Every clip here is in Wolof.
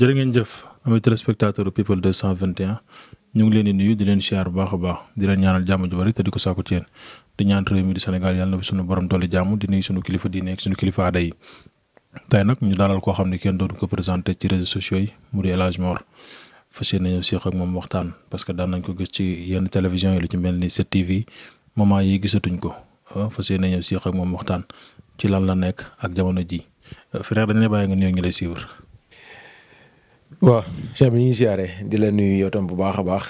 jërë ngeen jëf amee téléspectateur people 221 ñu ngi leen di nuyu di leen siyaar bu baax baax di leen ñaanal jàmm ju bari te di ko saako ci di ñaan réew di Sénégal yàlla na fi sunu borom dolli jàmm di nuyu sunu kilifa di nekk sunu kilifa aada yi. tey nag ñu dalal koo xam ne kenn dootu ko présenté ci réseaux sociaux yi mu di El Hadj Mor fas yéene nañu séq ak moom waxtaan parce que daan nañ ko gis ci yenn télévision yi lu ci mel ni 7TV moment yi gisatuñ ko ah, fas yéene nañu séq ak moom waxtaan ci lan la nekk ak jamono ji ah, frère dañ lay bàyyi nga nuyoo ñu lay suivre. waaw Cheikh bi ñu ngi siyaare di la nuyu yow bu baax a baax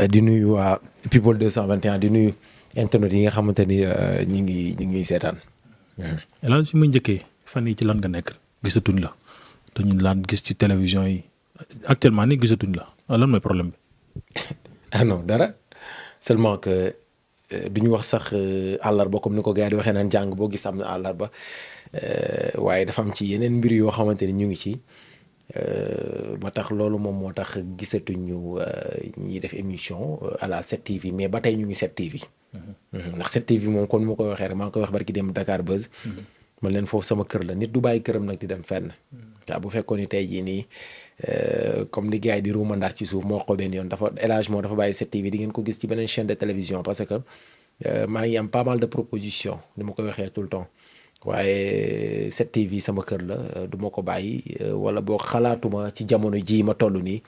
euh, di nuyu waa People 221 di nuyu internet yi nga xamante ni euh, ñu ngi ñu ngi seetaan. lan si ma njëkkee fan yi ci lan nga nekk gisatuñ la te ñu gis ci télévision yi actuellement nii gisatuñ la ah, lan mooy problème bi. ah dara seulement que euh, du ñu wax sax àllarba comme ni ko gars yi di waxee naan jàng boo gis am na àllarba waaye dafa am ci yeneen mbir yoo xamante ni ñu ngi ci. ba euh, tax loolu moom moo tax gisatuñu euh, ñi def émission euh, à la 7TV mais ba tey ñu ngi 7TV. Mm-hmm. Mm-hmm. ndax 7TV moom kon ma ko waxee rek maa ngi koy wax barki dem Dakar Buzz. Mm-hmm. man leen foofu sama kër la nit du bàyyi këram nag di dem fenn. waaw bu fekkoon ni tey jii nii comme ni gars yi di ruumandaat ci suuf moo ko benn yoon dafa élage moo dafa bàyyi 7TV di ngeen ko gis ci beneen chaîne de télévision parce que maa ngi am pas mal de proposition ni ma koy waxee tout le temps. waaye 7TV sama kër la euh, duma ko bàyyi euh, wala boo xalaatuma ci jamono jii ma toll nii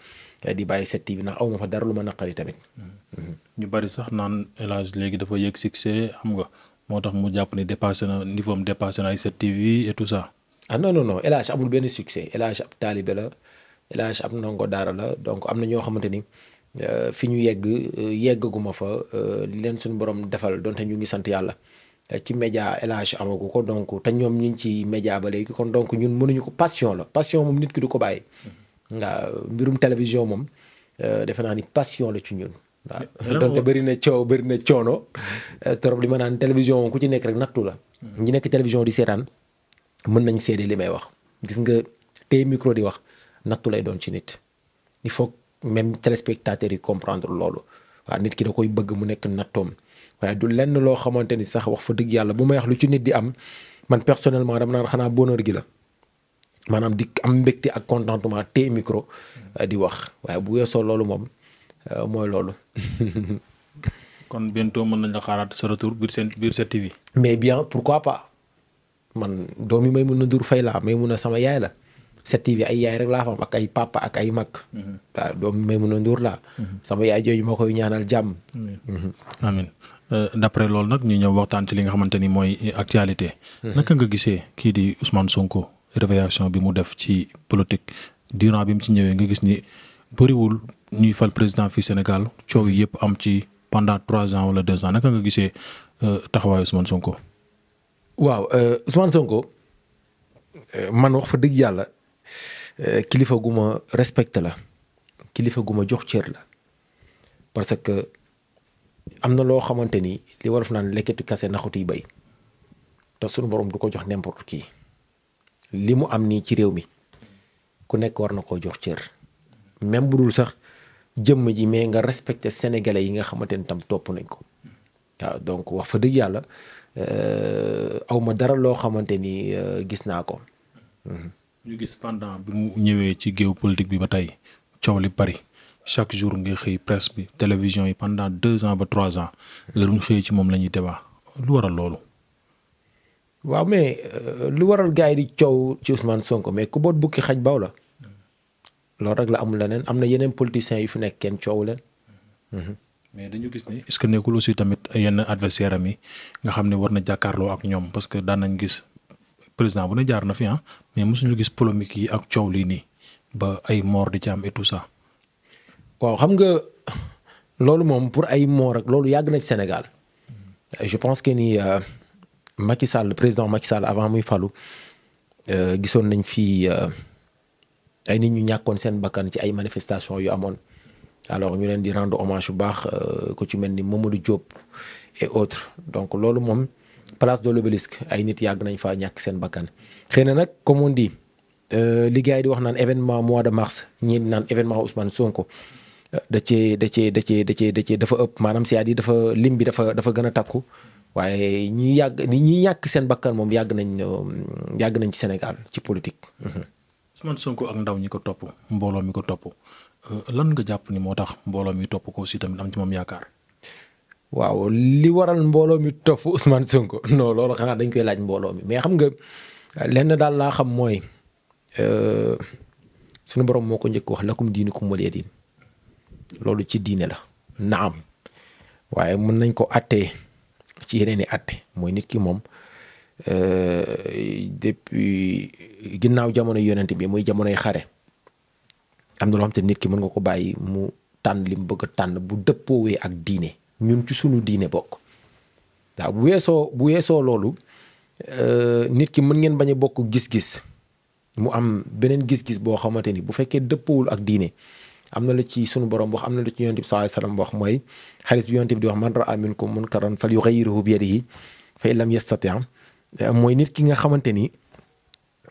euh, di bàyyi 7TV ndax aw ma fa dara lu ma naqari tamit. Hmm. Hmm. ñu bari sax naan El léegi dafa yëg succès xam nga moo tax mu jàpp ne dépassé na niveau am dépassé na ay 7TV et tout ça. ah non non non El amul benn succès El Hadj ab taalibe la El Hadj ab ndongo daara la donc am na ñoo xamante ni. fi ñu yegg yeggaguma fa li leen suñu borom defal donte ñu ngi sant yàlla ci média élage amagu ko donc te ñoom ñu ngi ci média ba léegi kon donc ñun mënuñu ko passion la passion moom nit ki du ko bàyyi. Mm-hmm. nga mbirum télévision moom euh, defe naa ni passion la ci ñun. waaw bëri na coow bëri na coono euh, trop li ma naan télévision ku ci nekk rek nattu la. Mm-hmm. ñi nekk télévision di seetaan mën nañ seede li may wax gis nga tey micro di wax nattu lay doon ci nit il faut même téléspectateurs yi comprendre loolu waaw nit ki da koy bëgg mu nekk nattoom. waaye du lenn loo xamante ni sax wax fa dëgg yàlla bu may wax lu ci nit di am man personnellement dama naan xanaa bonheur gi la maanaam di am mbégte ak contentement te micro hmm. di wax waaye bu weesoo loolu moom euh, mooy loolu. kon bientôt mën nañ la xaaraat sa retour biir seen biir sa TV. mais bien pourquoi pas man doom yi may mun na dur fay laa may mun a sama yaay la. set TV ay yaay rek laa fa am ak ay papa ak ay mag. Hmm. waaw doom may mun a nduur laa. Hmm. sama yaay jooju ma koy ñaanal jàmm. Euh, d'après loolu nag ñu ñëw waxtaan ci li nga xamante ni mooy actualité. Mhm. naka nga gisee kii di Ousmane Sonko révélation bi mu def ci politique durant bi mu ci ñëwee nga gis ni bëriwul ñuy fal président fii Sénégal coow yëpp am ci pendant trois ans wala deux ans naka nga gisee euh, taxawaayu Ousmane Sonko. waaw euh, Ousmane Sonko man wax fa dëgg yàlla kilifa gu ma respecté la kilifa gu ma jox cër la am na loo xamante ni li war a naan lekketu kase naxutuy bay te sunu borom du ko jox n'importe kii li mu am nii ci réew mi ku nekk war na koo jox cër même bu dul sax jëmm ji mais nga respecté sénégalais yi nga xamante ni tam topp nañ ko waaw donc wax fa dëgg yàlla euh, aw ma dara loo xamante ni euh, gis naa ko. ñu gis pendant bi mu ñëwee ci géopolitique bi ba tey coow li bari chaque jour nga xëy presse bi télévision yi pendant deux ans ba trois ans heure bu ñu xëyee ci moom lañuy ñuy débat lu waral loolu. waaw mais euh, lu waral gars yi di coow ci Ousmane Sonko mais ku boot bukki xaj baw la loolu rek la amul leneen am na yeneen politiciens yu fi nekk kenn coow leen. Mhm. mais dañu gis ni est-ce que nekkul aussi tamit yenn adversaire mi nga xam ne war na jàkkaarloo ak ñoom parce que daan nañ gis président bu ne jaar na fi ah mais mosuñu gis polémique yi ak coow lii nii ba ay mort di ci am waaw xam nga loolu moom pour ay moo rek loolu yàgg na ci Sénégal je pense que ni euh, Macky Sall président Macky Sall avant muy falu euh, gisoon nañ fi euh, ay nit ñu ñàkkoon seen bakkan ci ay manifestations yu amoon alors ñu leen di rendre hommage bu baax ku ci mel ni Mamadou Diop et autres donc loolu moom place de l'obélisque ay nit yàgg nañ faa ñàkk seen bakkan xëy na nag comme on dit li yi di wax naan événement mois de mars ñii naan événement Ousmane Sonko. da cee da cee da cee da cee da cee dafa ëpp maanaam cest à dafa lim bi dafa dafa gën a takku waaye ñi yàgg ñi ñàkk seen bakkan moom yàgg nañ um, yàgg nañ ci Sénégal ci politique. Mhm. Ousmane Sonko ak ndaw ñi ko topp mbooloo mi ko topp euh, lan nga jàpp ni moo tax mbooloo mi topp ko aussi tamit am ci moom yaakaar. waaw li waral mbooloo mi topp Ousmane Sonko non loolu xanaa dañ koy laaj mbooloo mi mais xam nga lenn daal laa xam mooy. Euh, suñu borom moo ko njëkk wax lakum diinukum waliya diin loolu ci diine la am waaye mën nañ ko attee ci yeneen i atte mooy nit ki moom euh, depuis ginnaaw jamono yonent bi muy jamonoy xare am na loo xam te nit ki mën nga ko bàyyi mu tànn li mu bëgg tànn bu dëppoowee ak diine ñun ci sunu diine bokk waaw bu weesoo bu weesoo loolu euh, nit ki mën ngeen bañ a bokk gis-gis mu am beneen gis-gis boo xamante ni bu fekkee dëppoowul ak diine am na lu ci sunu borom wax am na lu ci yonent bi sallallahu alayhi wasallam wax mooy xadis bi yonent bi di wax man ra'a minkum munkaran falyughayyirhu bi yadihi fa in lam yastati' mooy nit ki nga xamante ni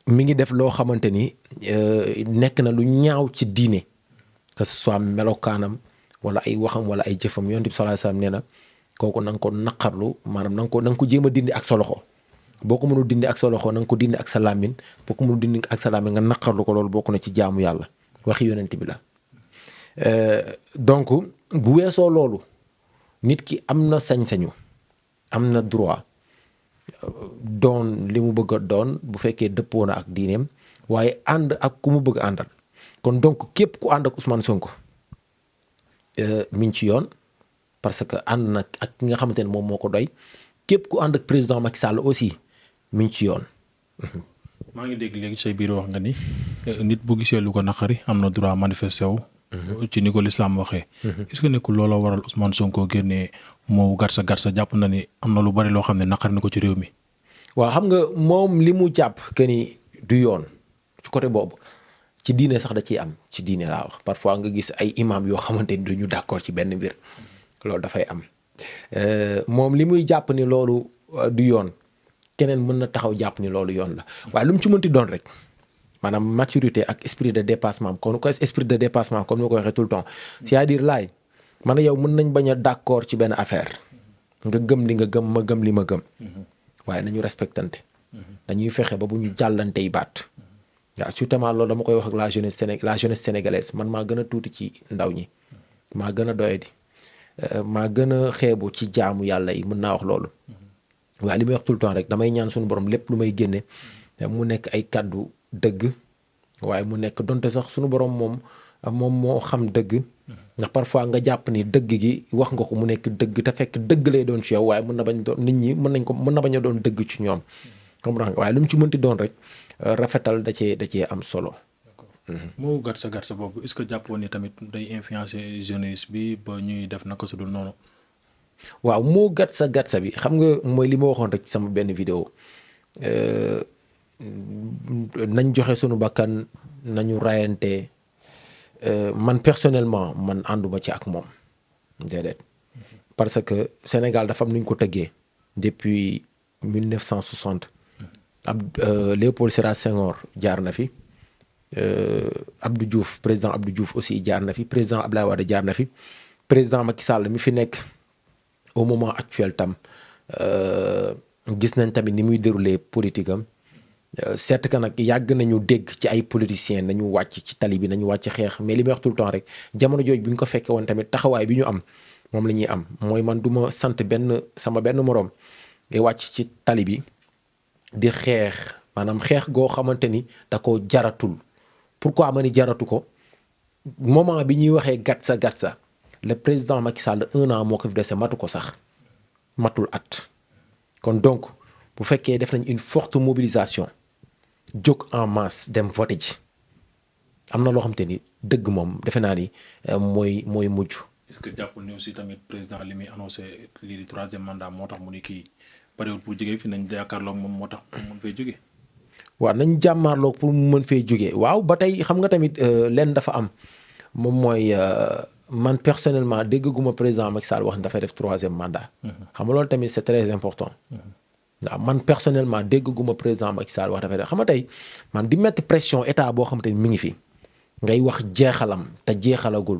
mi ngi def loo xamante ni euh, nekk na lu ñaaw ci diine que ce melokaanam wala ay waxam wala ay jëfam yonent bi sallallahu alayhi wasallam na kooku na nga ko naqarlu maanaam na nga ko na ko jéem a ak sa loxo boo ko mënul dindi ak sa loxo na nga ko dindi ak sa làmmiñ boo ko ak sa làmmiñ nga naqarlu ko loolu bokk na ci jaamu yàlla waxi yonent bi la Euh, donc bu weesoo loolu nit ki am na sañ-sañu am na droit euh, doon li mu bëgg a doon bu fekkee dëppoo ak diineem waaye ànd ak ku mu bëgg a àndal kon donc képp ku ànd ak Ousmane Sonko euh, mi ngi ci yoon parce que ànd na ak ki nga xamante ne moom moo ko doy képp ku ànd ak président Macky Sall aussi mi ngi ci yoon. Mhm. maa ngi dégg léegi say biir wax nga ni nit bu gisee lu ko naqari am na droit manifester wu Mm-hmm. ci ni ko lislaam waxee. Mm-hmm. est-ce que nekkul looloo waral Ousmane Sonko génnee moo garsa garsa jàpp na ni am na lu bare loo xam ne naqari na ko ci réew mi. waaw xam nga moom li mu jàpp que ni du yoon ci côté boobu ci diine sax da ciy am ci diine laa wax parfois nga gis ay imam yoo xamante ni duñu d'accord ci benn mbir loolu dafay am euh, moom li muy jàpp ni loolu euh, du yoon keneen mën na taxaw jàpp ni loolu yoon la waaye lu mu ci mënti doon rek. maanaam maturité ak esprit de dépassement kon ko esprit de dépassement comme ni ko waxee tout le temps cest à laay man yow mën nañ bañ a d'accord ci benn affaire nga gëm li nga gëm ma gëm li ma gëm waaye nañu respectante dañuy fexe ba bu ñu jàllante yi baat waaw surtout loolu dama koy wax ak la jeunesse séné la jeunesse sénégalaise man maa gën a tuuti ci ndaw ñi maa gën a doyadi euh, maa gën a xeebu ci jaamu yàlla yi mën naa wax loolu waaye li may wax tout le rek damay ñaan suñu borom lépp lu may génne mu nekk ay kaddu dëgg waaye mu nekk donte sax sunu borom moom moom moo xam dëgg ndax parfois nga jàpp ni dëgg gi wax nga ko mu nekk dëgg te fekk dëgg lay doon ci yow waaye mën na bañ doon nit ñi mën nañ ko mën na bañ a doon dëgg ci ñoom comprendre nga waaye lu mu ci mënti doon rek rafetal da cee da cee am solo. moo mhm. gàtt sa gàtt sa boobu est que jàppoon ni tamit day influencer jeunesse bi ba ñuy def na ko su dul noonu. waaw moo gàtt sa gàtt sa bi xam nga mooy li ma waxoon rek sama benn vidéo euh, Euh, nañ joxe suñu bakkan nañu rayante euh, man personnellement man ànduma ci ak moom parce que Sénégal dafa am nu ñu ko tëggee depuis 1960 ab euh, Léopold Sédar Senghor jaar na fi Abdou Diouf président Abdou Diouf aussi jaar na fi président Abdoulaye Wade jaar na fi président Macky Sall mi fi nekk au moment actuel tam gis nañ tamit ni muy déroulé politique am Euh, certes que nag yàgg nañu dégg ci ay politiciens nañu wàcc ci tali bi nañu wàcc xeex mais li may wax tout rek jamono jooju bi ñu ko fekkee woon tamit taxawaay bi ñu am moom la ñuy am mooy man du ma sant benn sama benn moroom wàcc ci tali bi di xeex maanaam xeex goo xamante ni da ko jaratul pourquoi ma ni jaratu ko moment bi ñuy waxee gatsa gatsa le président Macky Sall un moo ko fi dese matu ko sax matul at kon donc bu fekkee def nañ une forte mobilisation. jóg en masse dem vote ji am na loo xam te ni dëgg moom defe naa ni euh, mooy mooy mujj. est que jàpp ni aussi tamit président li muy annoncé lii di troisième mandat moo tax mu ni kii période pour jógee fi nañ jàkkaarloog moom moo tax mu mën fay jógee. waaw nañ jàmmaarloog pour mën fee jógee waaw ba tey xam nga tamit euh, len dafa am moom mooy euh, man personnellement dégguma président Macky Sall wax ni dafay def troisième mandat. Mhm. xam nga loolu tamit c'est très important. Mhm. waaw man personnellement dégguma président Macky Sall wax dafa xam nga tey man di metti pression état boo xam te ni mi ngi fi ngay wax jeexalam te jeexalagul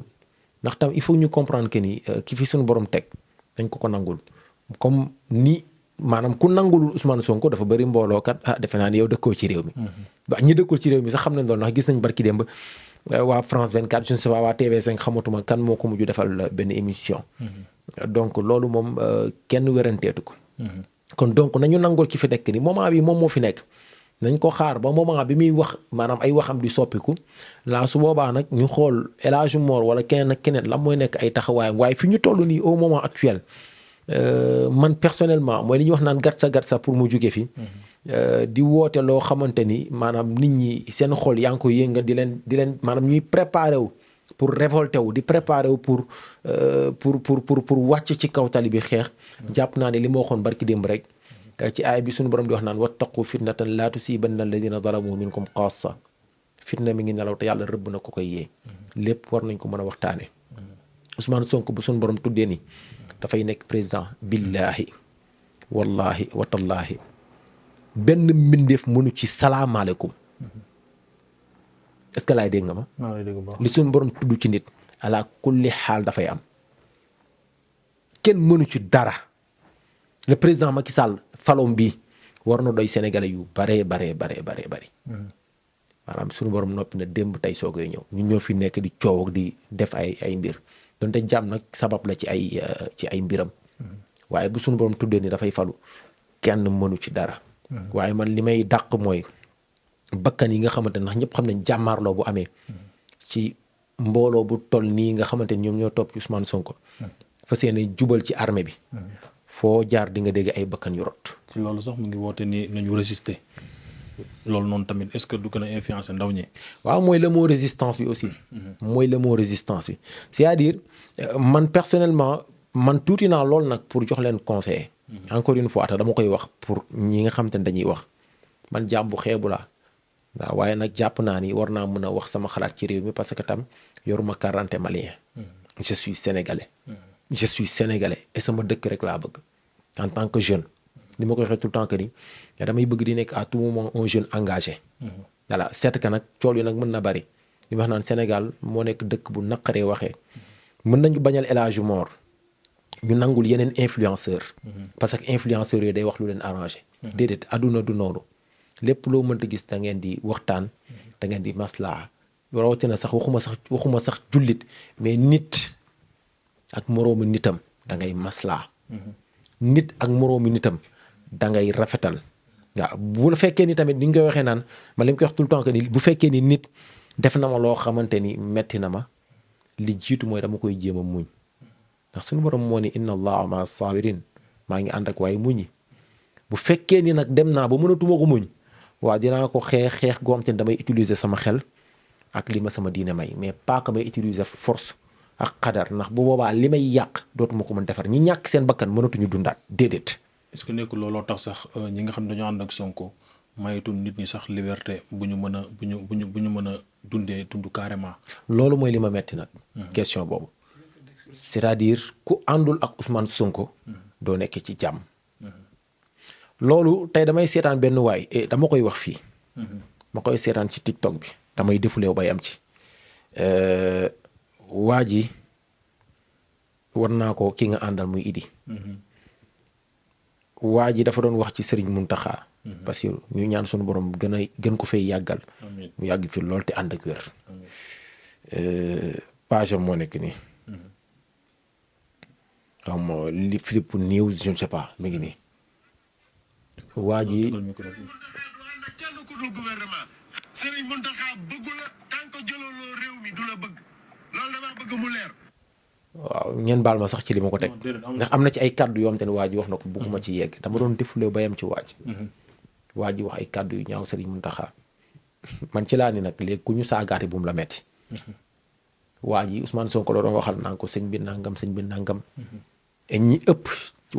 ndax tam il faut ñu comprendre que ni euh, ki fi suñu borom teg dañ ko ko nangul comme ni maanaam ku nangul Ousmane Sonko dafa bari mbooloo kat ah defe naa ni yow dëkkoo ci réew mi. Mhm. waaw ñi dëkkul ci réew mi sax xam ne loolu ndax gis nañ barki démb euh, waa France 24 je ne sais pas waa TV5 xamatuma kan moo ko mujj defal benn émission. Mhm. donc loolu moom euh, kenn weranteetu ko. Mhm. kon donc nañu nangul ki fi nekk ni moment bi moom moo fi nekk nañ ko xaar ba moment bi muy wax maanaam ay waxam di soppiku laa su boobaa nag ñu xool El Hadji wala keneen ak keneen lan mooy nekk ay taxawaayam waaye fi ñu toll nii au moment actuel euh, man personnellement mooy li ñuy wax naan gat sa gat sa pour mu jóge fi mhm. euh, di woote loo xamante ni maanaam nit ñi seen xool yaa ngi ko yëngal di leen di leen maanaam ñuy préparé wu. pour révolter wu di préparer wu pour euh, pour pour pour pour wàcc ci kaw tali bi xeex. jàpp naa ne li ma waxoon barki démb rek. Euh, ci aay bi suñu borom di wax naan wattaqu fitnatan laa tusibanna alladina zalamu minkum xaassa fitna mi ngi nelaw te yàlla rëbb na ko koy yee. lépp war nañ ko mën a waxtaanee. Ousmane Sonko bu suñu borom tuddee ni dafay nekk président billahi wallahi watallaahi benn mbindeef mënu ci salaamaaleykum. est que laay dégg nga ma. li suñu borom tudd ci nit. ala xaal dafay am. kenn mënu ci dara. le président Macky Sall falom bi war na doy sénégalais yu baree baree baree baree bari. Hmm. maanaam suñu boroom noppi na démb tey soo koy ñëw ñu ñëw fi nekk di coow di def ay ay mbir donte jàmm nag sabab la ci ay euh, ci ay mbiram. Hmm. waaye bu suñu borom tuddee ni dafay falu kenn mënu ci dara. Hmm. waaye man li may dàq mooy bakkan yi nga xamante ndax ñëpp xam nañ jàmmaarloo bu amee ci mbooloo bu toll nii nga xamante ni ñoom ñoo topp ci Ousmane Sonko. fas yéene jubal ci armée bi. foo jaar di nga dégg ay bakkan yu rot. ci loolu sax mu ngi woote ni nañu résister loolu noonu tamit est-ce que du ko a influencer ndaw ñi. waaw mooy le moo résistance bi aussi. Mm-hmm. mooy le moo résistance bi c'est-à-dire euh, man personnellement man tuuti naa lool nag pour jox leen conseil. Mm-hmm. encore une fois dama koy wax pour ñi nga xamante ne dañuy wax man jàmm xeebu laa waaw waaye nag jàpp naa ni war naa mën a wax sama xalaat ci réew mi parce que tam yoruma quarante malien hmm. je suis sénégalais. Hmm. je suis sénégalais et sama dëkk rek laa bëgg en tant que jeune. li hmm. ma koy waxee tout le temps que damay bëgg di nekk à tout moment un jeune engagé. voilà seet ka nag cool yi nag mën na bari. li wax naan Sénégal moo nekk dëkk bu naqaree waxee. mën nañu bañal El Hadji Mor ñu nangul yeneen influenceur parce que influenceurs yooyu day wax lu leen arrangé. déedéet àdduna du noonu. lépp loo mënta gis dangeen di waxtaan da di maslaa rawatina sax waxuma sax waxuma sax jullit mais nit ak moroomu nitam dangay ngay maslaa mm-hmm. nit ak moroomu nitam da ngay rafetal waaw bu fekkee ni tamit ni ñu koy waxee naan ma leen koy wax tout le temps bu fekkee ni nit def na ma loo xamante ni metti na ma li jiitu mooy dama koy jéem a muñ ndax suñu borom moo ni inna allaha ma sabirin maa ngi ànd ak waaye muñi bu fekkee ni nag dem naa ba mënatuma muñ waaw dinaa ko xeex xeex goo xam te damay utiliser sama xel ak li ma sama diine may mais pas que may utiliser force ak xadar ndax bu boobaa li may yàq dootuma ko mën defar ñi ñàkk seen bakkan mënatuñu dundaat déedéet. est-ce que nekkul looloo tax sax euh, ñi nga xam ne dañoo ànd ak Sonko mayetul nit ñi sax liberté bu ñu mën a bu ñu bu ñu bu ñu mën a dundee dund carrément. loolu mooy li ma metti nag. Mhm. question boobu. c'est-à-dire ku àndul ak Ousmane Sonko. Mhm. doo nekkee ci jàmm. loolu tey damay seetaan benn waay eh, dama koy wax fii. Mm ma koy seetaan ci TikTok bi damay defuleew bay am ci. Euh, waa ji war naa ko ki nga àndal muy Idi. Mm ji dafa doon wax ci sëriñ mun Mm -hmm. ñu ñaan suñu borom gën a gën ko fay yàggal. mu yàgg fi lool te ànd ak wér. Eh, page moo nekk nii. Mhm. xam nga li Philippe pas mi ngi nii. waa ji kenn sëriñ Muntaxa bëggu la tant que réew mi du la bëgg loolu damaa bëgg mu leer waaw ngeen baal ma sax ci li ma ko teg ndax am na ci ay kàddu yoom te ne waa ji wax na ko bëgguma mhm. ci yegg dama doon defule bayam ci waaj mhm. waa ji wax ay kàddu yu ñaaw sëriñ Muntaxa man ci laa ni nag léegi ku ñu saagaate bu la metti mhm. waa ji usmaan Sonko la doon waxal naan ko sëñ bi nangam sëñ bi nangam. ñi ëpp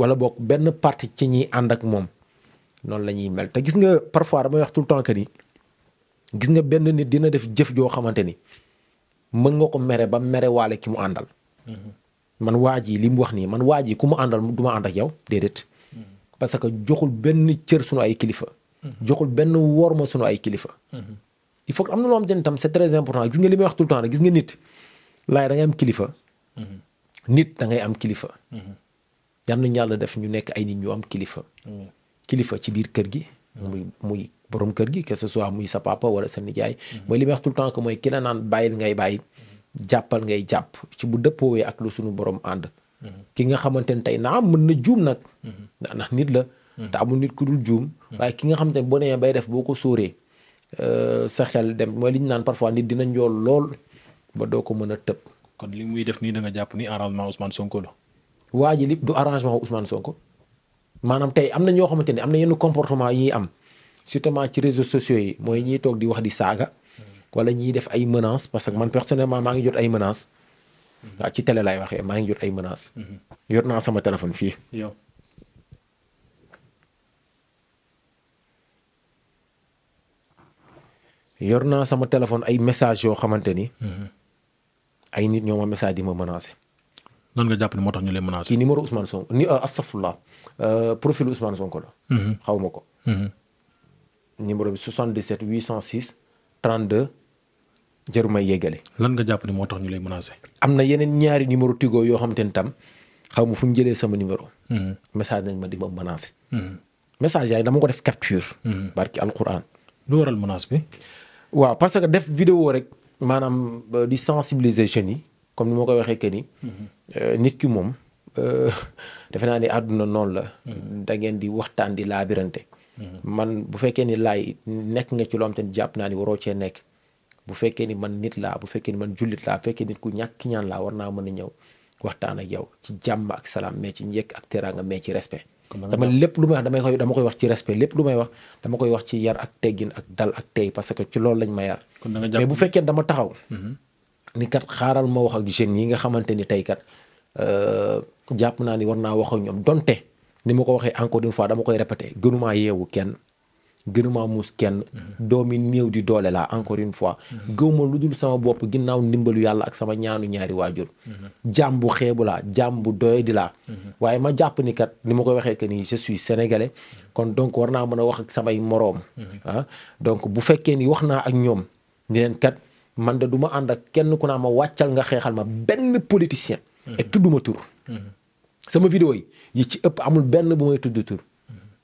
wala boog benn parti ci ñi ànd ak moom noonu la ñuy mel te gis nga parfois damay wax tout le gis nga benn nit dina def jëf joo xamante ni mën nga ko mere ba mere waale ki mu àndal. Mm-hmm. man waa ji li mu wax nii man waa ji ku mu àndal du ma ànd yow déedéet. Mm-hmm. parce que joxul benn cër sunu ay kilifa. Mm-hmm. joxul benn worma sunu ay kilifa. il faut am na loo xamante ni tam c'est très important gis nga li may wax tout le temps rek gis nga nit laay da ngay am kilifa. nit da ngay am kilifa. yal nañu yàlla def ñu nekk ay nit kilifa. kilifa ci biir kër gi. muy muy borom kër gi que ce soit muy sa papa wala sa nijaay. mooy li may wax tout le temps mooy ki la naan bàyyil ngay bàyyi. jàppal ngay jàpp ci bu dëppoowee ak lu suñu borom ànd. ki nga xamante ne tey naa mën na juum nag. ndax nit la. te amul nit ku dul juum. waaye ki nga xamante ne boo nee bay def boo ko sóoree. Euh, sa xel dem mooy li naan parfois nit dina njool lool ba doo ko mën a tëb. kon li muy def nii da jàpp ni arrangement Ousmane Sonko waa ji du arrangement Ousmane maanaam tey am na ñoo xamante ne am na yenn comportement yi ñuy am surtout ci réseaux sociaux yi mooy ñiy toog di wax di saaga wala ñiy def ay menaces parce que man personnellement maa ngi jot ay menaces mhm. waaw ci télé laay waxee maa ngi jot ay menaces. jot mhm. naa sama téléphone fii. yow naa sama téléphone ay message yoo xamante ni. Mhm. ay nit ñoo ma message di ma menacé. lan nga jàpp ne moo tax ñu lay menacé. ci numéro Ousmane Sonko ni euh, Euh, profil Ousmane Sonko la. Mhm. xaw ma ko. Mhm. numéro bi 77 806 32 jëru may yeggale. lan nga jàpp moo tax ñu lay menacé. am na yeneen ñaari numéro Tigo yoo xam te ne tam xaw ma fu ñu jëlee sama numéro. Mhm. message nañ ma di ma menacé. message yaay dama ko def capture. barki alquran. lu waral menace bi. waaw parce que def vidéo rek maanaam euh, di sensibiliser jeunes yi comme ni ma ko waxee que ni. Euh, nit ki moom. Euh, defe naa ne àdduna noon la. Hmm. da ngeen di waxtaan di laabirante. Hmm. man bu fekkee ni laay nekk nga ci loo xam te jàpp naa ni waroo cee nekk. bu fekkee ni man nit laa bu fekkee ni man jullit laa bu fekkee nit ku ñàkk ñaan laa war naa mën a ñëw waxtaan ak yow ci jàmm ak salaam mais ci njëkk ak teraanga mais ci respect. dama lépp lu may damay koy dama koy wax ci respect lépp lu may wax dama koy wax ci yar ak teggin ak dal ak tey parce que ci loolu lañ ma yar. mais bu fekkee dama taxaw. Hmm. ni kat xaaral ma wax ak jeunes yi nga xamante ni tey kat. Euh, jàpp naa ni war naa wax ak ñoom donte ni ma ko waxee encore une fois dama koy répété gënumaa yeewu kenn gënumaa muus kenn doomi néew di doole laa encore une fois gëwma lu dul sama bopp ginnaaw ndimbalu yàlla ak sama ñaanu ñaari waajur jaam bu xeebu laa jaam bu doy di laa waaye ma jàpp ni kat ni ma koy waxee que ni je suis sénégalais kon donc war naa mën a wax ak samay moroom ah donc bu fekkee ni wax naa ak ñoom ni leen kat man de du ma ànd ak kenn ku naa ma wàccal nga xeexal ma benn politicien sama vidéo yi yi ci ëpp amul benn bu may tudd tur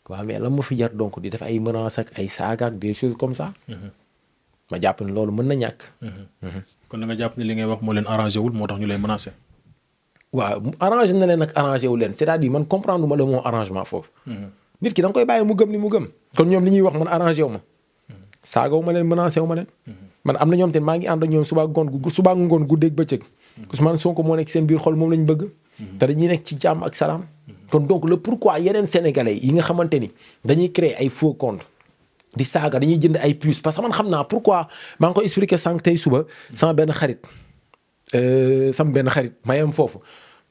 waaw mais ma fi jar donc di def ay menaces ak ay saaga ak des choses comme ça. ma jàpp ne loolu mën na ñàkk. kon da nga li ngay wax moo leen arrangé wul moo tax ñu lay menacé. waaw mu arrangé wu leen c'est-à-dire man comprendre arrangement foofu. nit ki da nga koy bàyyi mu gëm ni ñoom li ñuy wax man arrangé wu ma. saagawu ma leen menacé wu ma leen. man am na ñoom tamit maa ngi ànd ak ñoom subaa ngoon gu subaa ngoon guddeeg bëccëg. Ousmane Sonko moo nekk seen biir xol moom lañ bëgg. Mm-hmm. te dañuy nekk ci jàmm ak salaam. Mm-hmm. kon donc le pourquoi yeneen sénégalais yi nga xamante ni dañuy créer ay faux comptes di saaga dañuy jënd ay plus parce que man xam naa pourquoi maa ngi ko expliqué sànq tey suba mm-hmm. sama benn xarit euh, sama benn xarit mayam foofu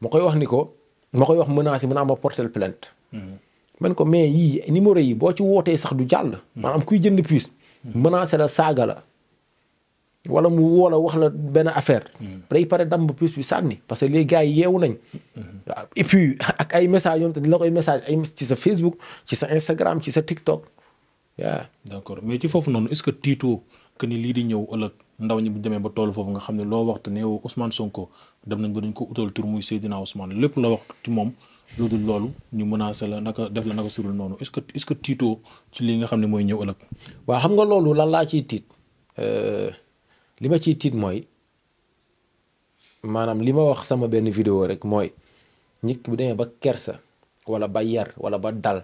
moo koy wax ni ko ma koy wax menace yi mën naa ma porter plainte. man ko mais yii numéro yi boo ci wootee sax du jàll. maanaam kuy jënd puce menacé la saaga la. wala mu woo la wax la benn affaire. day hmm. pare damb plus bi sànni parce que les gars yi yeewu nañ. waaw hmm. et ak ay messages yoom tamit la koy message ay ci sa Facebook ci sa Instagram ci sa TikTok waaw. d' mais ci foofu noonu est ce que tiitoo que ni lii di ñëw ëllëg ndaw ñi bu demee ba toolu foofu nga xam ne loo waxtu ne Ousmane Sonko dem nañ ba dañ ko utal tur muy Seydina Ousmane lépp la wax ci moom. lu dul loolu ñu menacé la naka def la naka surul noonu est-ce que est-ce que lii nga xam ne mooy ñëw ëllëg. waaw xam nga loolu lan laa ciy tiit. Euh, li ma ci tiit mooy maanaam li ma wax sama benn vidéo rek mooy nit ki bu demee ba kersa wala ba yar wala ba dal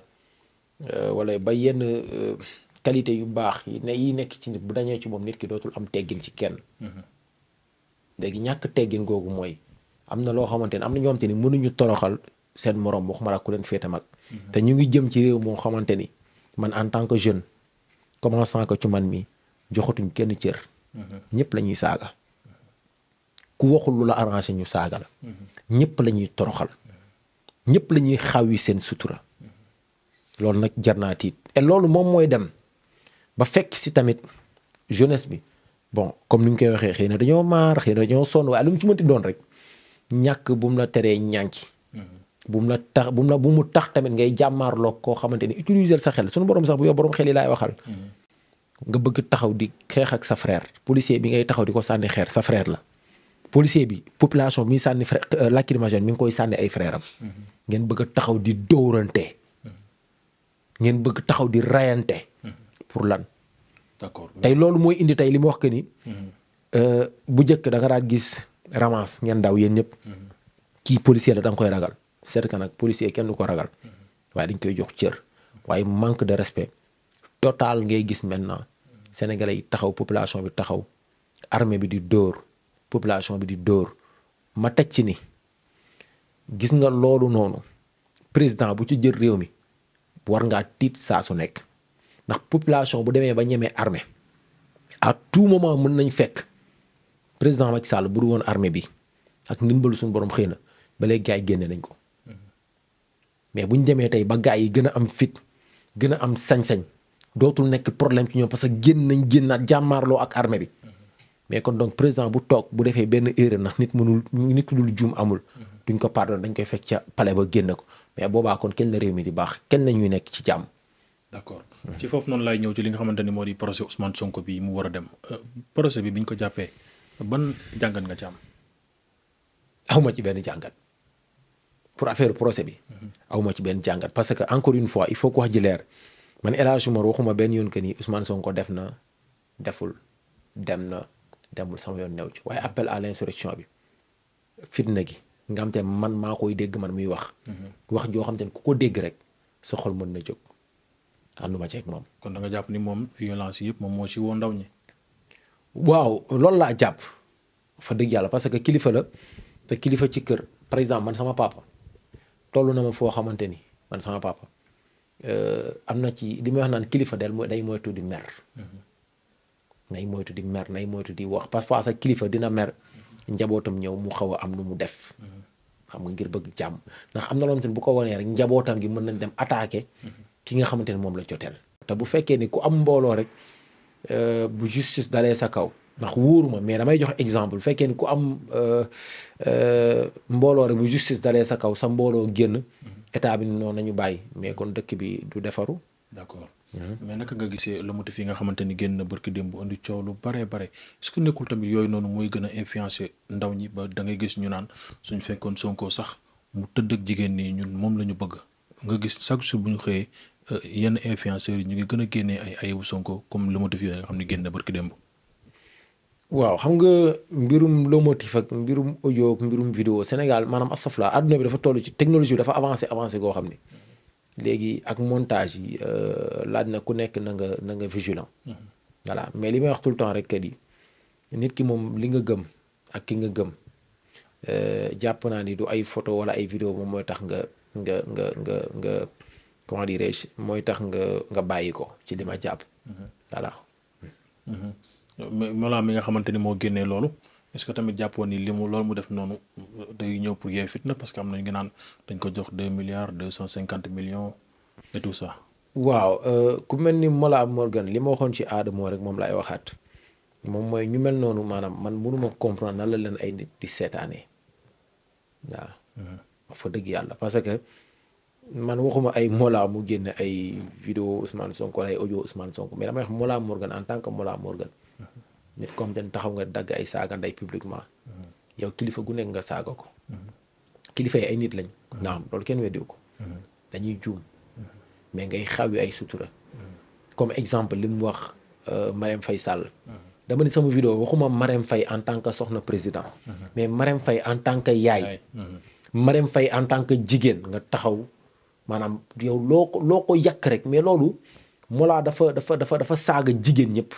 euh, wala ba yenn euh, qualité yu baax yi ne yi nekk ci nit bu dañee ci moom nit ki dootul am teggin ci kenn mm-hmm. léegi ñàkk teggin googu mooy am na loo xamante ne am na ñoo xamante ni mënuñu toroxal seen moroom ma la ku leen féete mag mm-hmm. te ñu ngi jëm ci réew moo xamante ni man en tant que jeune commençant que ci man mi joxatuñ kenn cër Mm-hmm. ñëpp lañuy ñuy saaga ku waxul lu la arrangé ñu saaga la mm-hmm. ñëpp la ñuy toroxal mm-hmm. ñëpp la ñuy xawi seen sutura loolu nag jar naa tiit te loolu moom mooy dem ba fekk si tamit jeunesse bi bon comme ni ñu koy waxee xëy na dañoo maar xëy na dañoo sonn waaye lu mu ci mënti doon rek ñàkk bu mu la teree ñànki bu mu la tax bu mu la bu mu tax tamit ngay loo koo xamante ni utiliser sa xel suñu borom sax bu yow borom xel yi laay waxal. nga bëgg taxaw di xeex ak sa frère policier bi ngay taxaw di ko sànni xeer sa frère la policier bi population mi sànni frère euh, lacrymogène mi ngi koy sànni ay frère mm-hmm. ngeen bëgg a taxaw di dóorante mm-hmm. ngeen bëgg taxaw di rayante mm-hmm. pour lan d'accord tey loolu mooy indi tey li mu wax que ni euh, bu jëkk da nga gis ramasse ngeen daw yéen ñëpp kii policier la danga koy ragal c'est que nag policier kenn du ko ragal waaye dañ koy jox cër waaye manque de respect total ngay gis maintenant sénégalais yi taxaw population bi taxaw armée bi di dóor population bi di dóor ma teg ci ni gis nga loolu noonu président bu ci jël réew mi war ngaa tiit saa su nekk ndax population bu demee ba ñemee armée at tout moment mën nañ fekk président Macky Sall bu du woon armee bi ak ndimbalu suñu borom xëy na ba léegi gars génne nañ ko mm-hmm. mais bu ñu demee tey ba gars yi gën a am fit gën a am sañ-sañ. dootul nekk problème ci ñëw parce que génn nañ génnaat jàmmaarloo ak armée bi mais kon donc président bu toog bu defee benn erreur na nit mënul nit ku dul juum amul duñ ko pardon dañ koy fekk ca palais ba génn ko mais boobaa kon kenn la réew mi di baax kenn la ñuy nekk ci jàmm. accord ci foofu noonu laay ñëw ci li nga xamante ni moo di procès Ousmane Sonko bi mu war a dem euh, procès bi biñ ko jàppee ban jàngat nga ci am. awma ci benn jàngat pour affaire procès bi. Mhm. awma ci benn jàngat parce que encore une fois il faut ji leer. man El Hadj Umar waxuma benn yoon que ni Ousmane Sonko def na deful dem na demul sama yoon new ci waaye appel à l'insurrection bi fitna gi nga xam te man maa koy dégg man muy wax. Mhm. wax joo xam te ne ku ko dégg rek sa xol mën na jóg ànduma ceeg moom. kon da jàpp ni moom violence yëpp moom moo ci woo ndaw ñi. waaw loolu laa jàpp fa dëgg yàlla parce que kilifa la te kilifa ci kër par exemple man sama papa toll na ma foo xamante ni man sama papa. Euh, am na ci li may wax naan kilifa del mooy day moytu di mer. Mhm. nay moytu di mer nay moytu di wax parfois sa kilifa dina mer mhm. njabootam ñëw mu xaw a am lu mu def. Mhm. xam nga ngir bëgg jàmm ndax am na loo xamante bu ko wanee rek njabootam mën nañ dem attaqué ki nga xamante ni moom la joteel. te bu fekkee ni ku am mbooloo rek euh, bu justice dalee sa kaw ndax wóoruma mais damay jox exemple bu fekkee ni ku am euh, mbooloo rek bu justice dalee sa kaw sa mbooloo génn. état bi noonu ñu bàyyi mais kon dëkk bi du defaru d'accord mais naka nga gisee lomotif yi nga xamante ni génn na barki démb bu indi coow lu bare bare est-ce nekkul tamit yooyu noonu mooy gën a influencer ndaw ñi ba da ngay gis ñu naan suñu fekkoon Sonko sax mu tëdd ak jigéen nii ñun moom la ñu bëgg nga gis chaque jour bu ñu xëyee euh, yenn influenceurs yi ñu ngi gën a génnee ay ayewu Sonko comme lomotif yooyu nga xam ne génn na barki démb waaw xam nga mbirum lomotif ak mbirum audio ak mbirum video Sénégal maanaam astafla adduna bi dafa toll ci technologie bi dafa avancé avancé goo xam ne léegi ak montage yi euh, laaj na ku nekk na nga na nga vigilant. Mm-hmm. voilà mais li may wax tout le temps rek kat yi nit ki moom li nga gëm ak ki nga gëm euh, jàpp naa ni du ay photo wala ay video moom mooy tax nga nga nga nga nga je mooy tax nga nga bàyyi ko ci li ma jàpp mm-hmm. voilà. Mm-hmm. Mawla mi nga xamante ni moo génnee loolu est-ce tamit jàppoon ni li mu loolu mu def noonu day ñëw pour yee fitna parce que am nañu naan dañ ko jox deux milliards deux cent cinquante millions et tout waaw euh, ku mel ni Mawla Morgan li ma waxoon ci aadamoo rek moom laa ay waxaat moom mooy ñu mel noonu maanaam man mënuma comprendre nan leen ay nit di seetaanee waaw. Mm-hmm. fa dëgg yàlla parce que man waxuma ay Mawla mu génn ay vidéo Ousmane Sonko wala ay audio Ousmane Sonko mais damay tant que Mawla Morgan. nit ko xam taxaw nga dagg ay saaga ndey publiquement mm-hmm. yow kilifa gu nekk nga saaga ko mm-hmm. kilifa yi ay nit lañ mm-hmm. naam loolu kenn weddiwu ko dañuy juum mais ngay xaw ay sutura comme exemple li mu wax euh, Marème fay Sall dama ni sama vidéo waxuma Marème fay en tant que soxna président mais Marème fay en tant que yaay Marème fay en tant que jigéen nga taxaw maanaam yow loo ko loo ko yàq rek mais loolu Mollah dafa dafa dafa dafa saaga jigéen ñëpp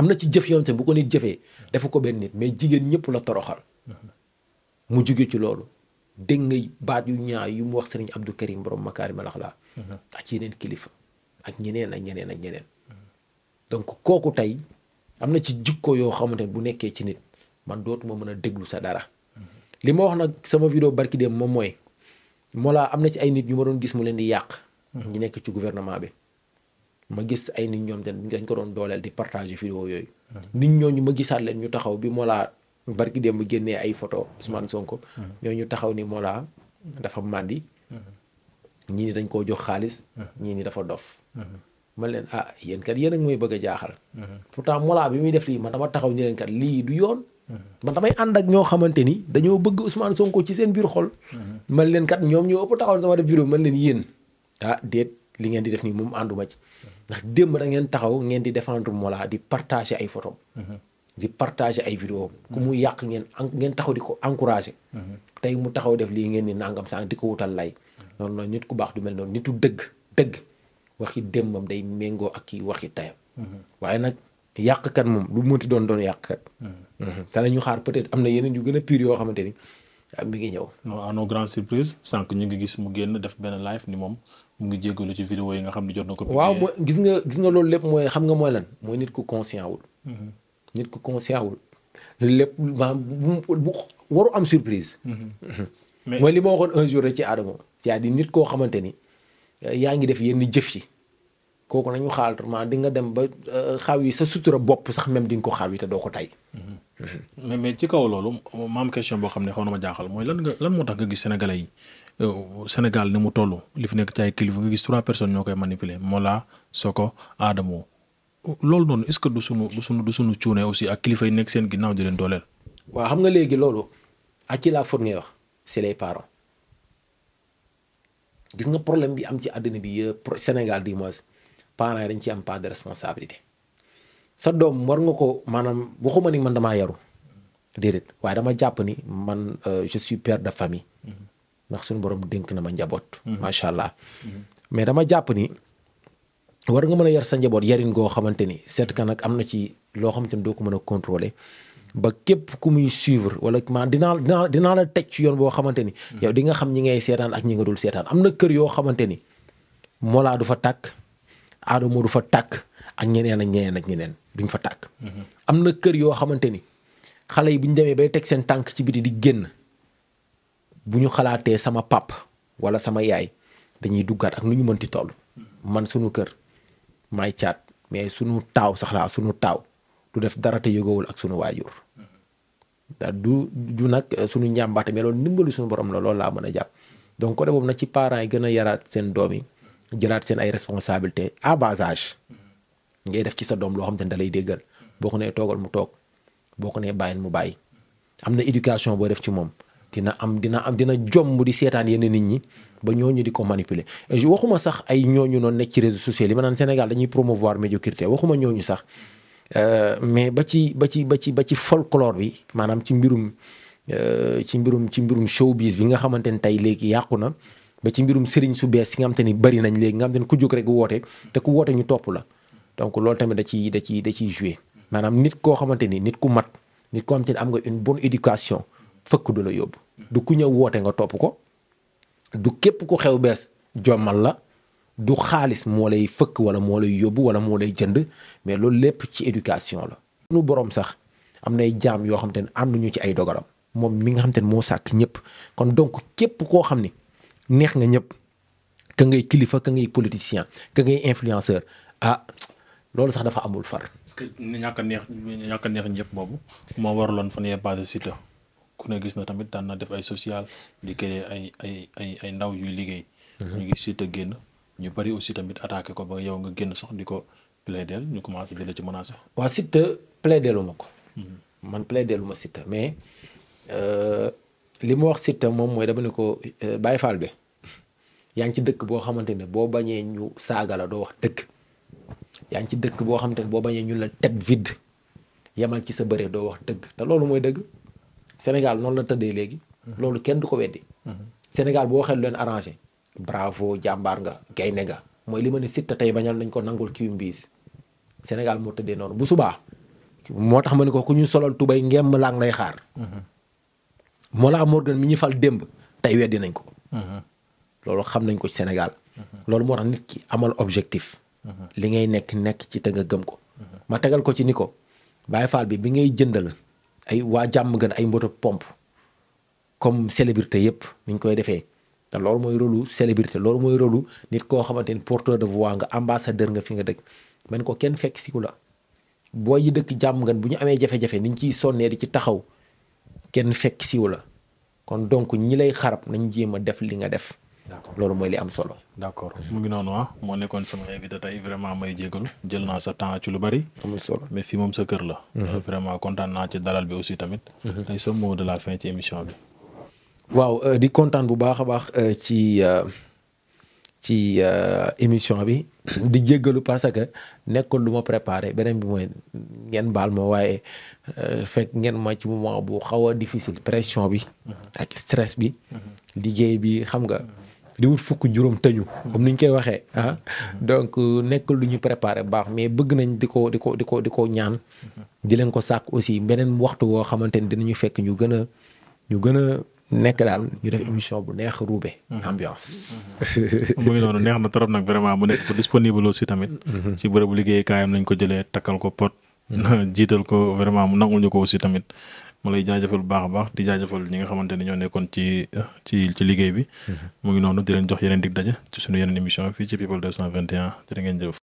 am na ci jëf yoon xam ne bu ko nit jëfee defu ko benn nit mais jigéen ñëpp la toroxal mu jóge ci loolu dégg nga baat yu ñaaw yu mu wax sëriñ Abdou Karim borom makaarimal axlaaq ak yeneen kilifa ak ñeneen ak ñeneen ak ñeneen donc kooku tey am na ci jikko yoo xamante ne bu nekkee ci nit man dootuma mën a déglu sa dara li ma wax nag sama vidéo barki dem moom mooy moo laa am na ci ay nit ñu ma doon gis mu leen di yàq hmm. ñu nekk ci gouvernement bi ma gis ay nit ñoom tamit dañ ko doon dooleel di partager vidéo yooyu. nit ñooñu ma gisaat leen ñu taxaw bi Mollah barki dem mu génnee ay photo Ousmane Sonko. ñoo ñu taxaw ni Mollah dafa màndi. ñii dañ koo jox xaalis. ñii ni dafa dof. man leen ah yéen kat yéen bëgg a jaaxal. pourtant Mollah bi muy def lii man dama taxaw ni leen kat lii du yoon. man damay ànd ak ñoo xamante ni dañoo bëgg Ousmane Sonko ci seen biir xol. man leen kat ñoom ñoo ëpp taxaw sama def vidéo man leen yéen. ah déet li ngeen di def nii moom ànduma ci. ndax démb da ngeen taxaw ngeen di défendre Mollah di partager ay photos. Mhm. di partager ay vidéos ku mu yàq ngeen taxaw di ko encourager. Mhm. tey mu taxaw def lii ngeen ni nangam sànq di ko wutal lay. Mhm. noonu noonu nit ku baax du mel noonu nitu dëgg dëgg waxi démbam day méngoo ak kii waxi tayam. waaye nag yàqkat moom lu mu mënti doon doon yàqkat. te nañu xaar peut am na yeneen yu gën a pire yoo xamante ni. mi ngi ñëw. non à nos grandes surprises sànq ñu ngi gis mu génn def benn live ni moom mu ngi jégalu ci vidéo yi nga xam ne jot na ko. waaw mooy gis nga gis nga loolu lépp mooy xam nga mooy lan mooy nit ku conscient wul. Mhm. nit ku conscient wul lépp maanaam bu bu waru am surprise. Mhm. Mhm. mais mooy li ma waxoon un jour rek ci Adama. cest à nit koo xamante ni euh, yaa ngi def yenn jëf yi kooku nañu xaal vraiment di nga dem ba euh, xaw yi sa sutura bopp sax même di nga ko xaw yi te doo ko tay mais mais ci kaw loolu ma question boo xam ne xaw na ma jaaxal mooy lan lan moo tax nga gis sénégalais yi euh, Sénégal ni mu toll li fi nekk ci ay kilifa nga gis trois personnes ñoo koy manipuler Mollah Soko Adamo loolu noonu est-ce que du sunu du sunu du sunu cuune aussi ak kilifa yi nekk seen ginnaaw di leen dooleel. waaw xam nga léegi loolu ak ci la faute ngay wax c'est les parents gis nga problème bi am ci àddina bi yëpp Sénégal du moins parents yi dañ ci am pa de responsabilité. sa doom war nga ko maanaam waxuma ni man damaa yaru déedéet waaye dama jàpp ni man euh, je suis de famille mm-hmm. ndax suñu borom dénk na ma njaboot. Mm-hmm. macha allah mm-hmm. mais dama jàpp ni war nga mën a yar sa njaboot yarin goo xamante ni seet ka nag am na ci loo xamante ni doo ko mën a contrôler ba képp ku muy suivre wala ma dinaa dinaa dinaa la teg ci yoon boo xamante ni. yow di nga xam ñi ngay seetaan ak ñi nga dul seetaan am na kër yoo xamante ni Mollah du fa takk Adamo du fa tàkk ak ñeneen ak ñeneen ak ñeneen. duñ fa tàkk. am na kër yoo xamante ni xale yi bu ñu demee bay teg seen tànk ci biti di génn bu ñu xalaatee sama pap wala sama yaay dañuy duggaat ak nu ñu mënti toll. man sunu kër may caat mais sunu taaw sax laa sunu taaw du def dara te yëgowul ak sunu waajur. du du nag eh, sunu njàmbaate mais loolu ndimbalu sunu borom la loolu laa mën a jàpp donc côté boobu nag ci parent yi gën a yaraat seen doom yi seen ay responsabilités à ngay def ci sa doom loo xam te ne da déggal boo ko nee toogal mu toog boo ko nee bàyyil mu bàyyi am na éducation boo def ci moom dina am dina am dina jomb di seetaan yenn nit ñi ba ñooñu di ko manipuler waxuma sax ay ñooñu noonu nekk ci réseaux sociaux yi ma naan Sénégal dañuy promouvoir médiocrité waxuma ñooñu sax euh, mais ba ci ba ci ba ci ba ci folklore bi maanaam ci mbirum euh, ci mbirum ci mbirum showbiz bi nga xamante ne tey léegi yàqu na ba ci mbirum sëriñ su bees yi nga ni bari nañ léegi nga xam te jóg rek woote te ku woote ñu topp la. donc loolu tamit da ciy da ciy da ciy joué maanaam nit koo xamante ni nit ku mat nit koo xamante ni am nga une bonne éducation fëkk du la yóbbu du ku ñëw woote nga topp ko du képp ku xew bees jommal la du xaalis moo fëkk wala moo yóbbu wala moo jënd mais loolu lépp ci éducation la. nu borom sax am nay jaam yoo xamante ne ànduñu ci ay dogalam moom mi nga xamante ne moo sàkk ñëpp kon donc képp koo xam ni neex nga ñëpp ka ngay kilifa ka ngay politicien ka ngay influenceur ah loolu sax dafa amul far. est que ñàkk a neex ñàkk a neex ñëpp boobu moo waraloon fan yee passé Siteu ku ne gis na tamit daan na def ay social di créer ay ay ay ay ndaw yuy liggéey. Mhm. ñu ngi Siteu génn ñu bari aussi tamit attaqué ko ba yow nga génn sax di ko plaidel ñu commencé di la ci menacé. waa Siteu plaidelu ma ko. Mhm. man plaidelu ma Siteu mais euh, li mu wax Siteu moom mooy dama ne ko euh, Baye Fall bi yaa ngi ci dëkk boo xamante ne boo bañee ñu saaga la doo wax dëkk. yaa ngi ci dëkk boo xam te ne boo bañee ñu la tête vide yemal ci sa bëre doo wax dëgg te loolu mooy dëgg Sénégal noonu la tëddee léegi. loolu kenn du ko weddi. Sénégal boo xel leen arrangé. bravo jàmbaar nga gaynde nga mooy li ma ne Siteu tey bañal nañ ko nangul kiw mbiis Sénégal moo tëddee noonu bu subaa moo tax ma ne ko ku ñu solal tubéy ngemm laa ngi lay xaar. Mollah Morgun mi ñu fal démb tey weddi nañ ko. Mhm. loolu xam nañ ko ci Sénégal. Mhm. loolu moo tax li ngay nekk nekk ci te nga gëm ko. ma tegal ko ci ni ko baay Fall bi bi ngay jëndal ay waa jàmm gën ay moto pompe comme célébrité yëpp ni koy defee te loolu mooy rôlu célébrité loolu mooy rôlu nit koo xamante ni porteur de voix nga ambassadeur nga fi nga dëkk man ko kenn fekk siku la boo yi dëkk jàmm gan bu ñu amee jafe-jafe niñ ciy sonnee di ci taxaw kenn fekk siwu la kon donc ñi lay xarab nañ jéem a def li nga def loolu mooy li am solo. d' accord mu ngi noonu ah moo nekkoon sama invité tey vraiment may jégalu jël naa sa temps ci lu bari. amul solo mais fii moom sa kër la. Mhm. Euh, vraiment kontaan naa ci dalal bi aussi tamit. Mhm. tey sa mot de la fin ci émission bi. waaw euh, di kontaan bu baax a baax euh, ci ci émission bi di jéggalu parce que nekkul lu ma préparé beneen bi mooy ngeen baal ma waaye fekk ngeen ma ci moment bu xaw a difficile pression bi. Mhm. ak stress bi. liggéey bi xam nga. di wut fukk juróom tëñu comme ni ñu koy waxee ah donc euh, nekk lu ñu préparé baax mais bëgg nañ di ko di ko di ko di ko ñaan di leen ko sàkk aussi beneen waxtu woo xamante ni dinañu fekk ñu gën a ñu gën a nekk daal ñu def émission bu neex ruube mhm. ambiance. Mhm. mu ngi noonu neex na trop nag vraiment mu nekk disponible aussi tamit. bu mhm. bërëbu liggéeyukaayam nañ ko jëlee takkal ko pot. jiital ko vraiment mu nangul ñu ko aussi tamit. ma lay jaajëfal bu baax a baax di jaajëfal ñi nga xamante ne ñoo nekkoon ci ci ci liggéey bi mhm. mu ngi noonu di leen jox yeneen dig daje ci suñu yeneen émission fii ci people 221 jërë ngeen jëf